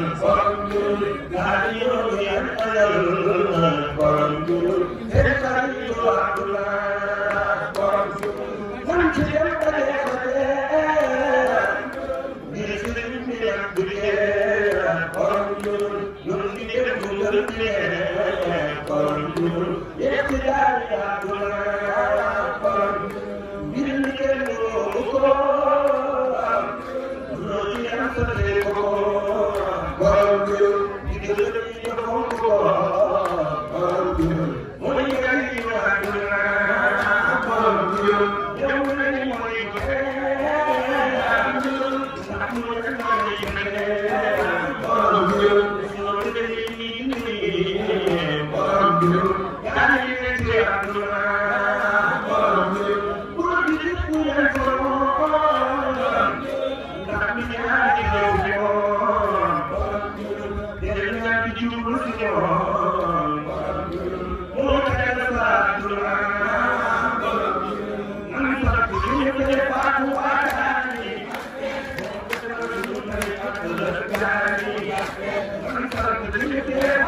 Thank you. Thank you.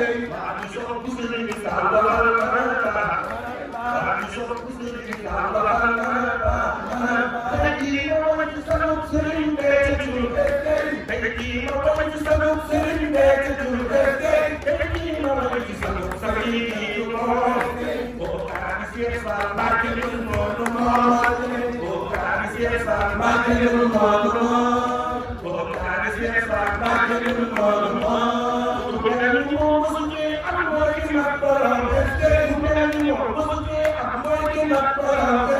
الكريم عن شرف مسلم الله عن شرف مسلم تجي موت سنة مسلم بيتجول تجي موت سنة مسلم بيتجول تجي موت سنة مسلم Oh, God, it's here, it's like my little mother. Gracias.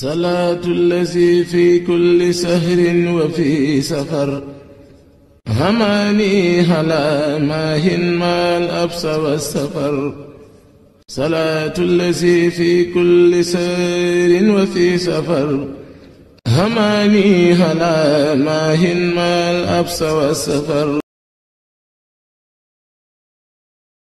salaatu lazi fi kulli sahrin wa fi safar hamaani halaa maahin maal absa wa safar salaatu lazi fi kulli sahrin wa fi safar hamaani halaa maahin maal absa wa safar